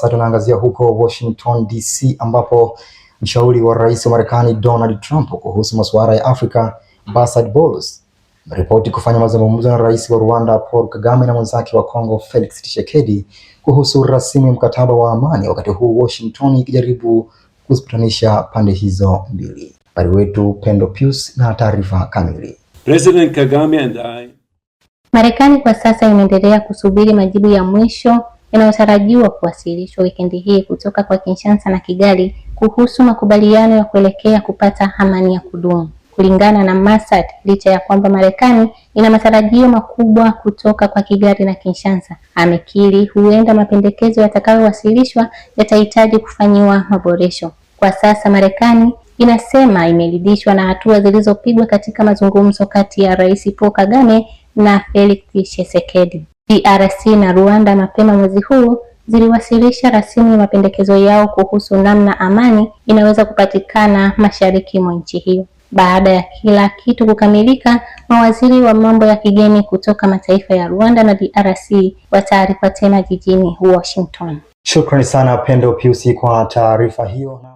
Sasa tunaangazia huko Washington DC ambapo mshauri wa rais wa Marekani Donald Trump kuhusu masuala ya Afrika Basad Bolos ameripoti kufanya mazungumzo na rais wa Rwanda Paul Kagame na mwenzake wa Kongo Felix Tshisekedi kuhusu rasimu mkataba wa amani, wakati huu Washington ikijaribu kuzipatanisha pande hizo mbili. Habari wetu Pendo Pius na taarifa kamili. President Kagame and I. Marekani kwa sasa inaendelea kusubiri majibu ya mwisho inayotarajiwa kuwasilishwa wikendi hii kutoka kwa Kinshasa na Kigali kuhusu makubaliano ya kuelekea kupata amani ya kudumu kulingana na Masad, licha ya kwamba Marekani ina matarajio makubwa kutoka kwa Kigali na Kinshasa, amekiri huenda mapendekezo yatakayowasilishwa yatahitaji kufanyiwa maboresho. Kwa sasa Marekani inasema imeridhishwa na hatua zilizopigwa katika mazungumzo kati ya Rais Paul Kagame na Felix Tshisekedi. DRC na Rwanda mapema mwezi huu ziliwasilisha rasmi mapendekezo yao kuhusu namna amani inaweza kupatikana mashariki mwa nchi hiyo. Baada ya kila kitu kukamilika, mawaziri wa mambo ya kigeni kutoka mataifa ya Rwanda na DRC wataarifa tena jijini Washington. Shukrani sana Pendo Piusi kwa taarifa hiyo.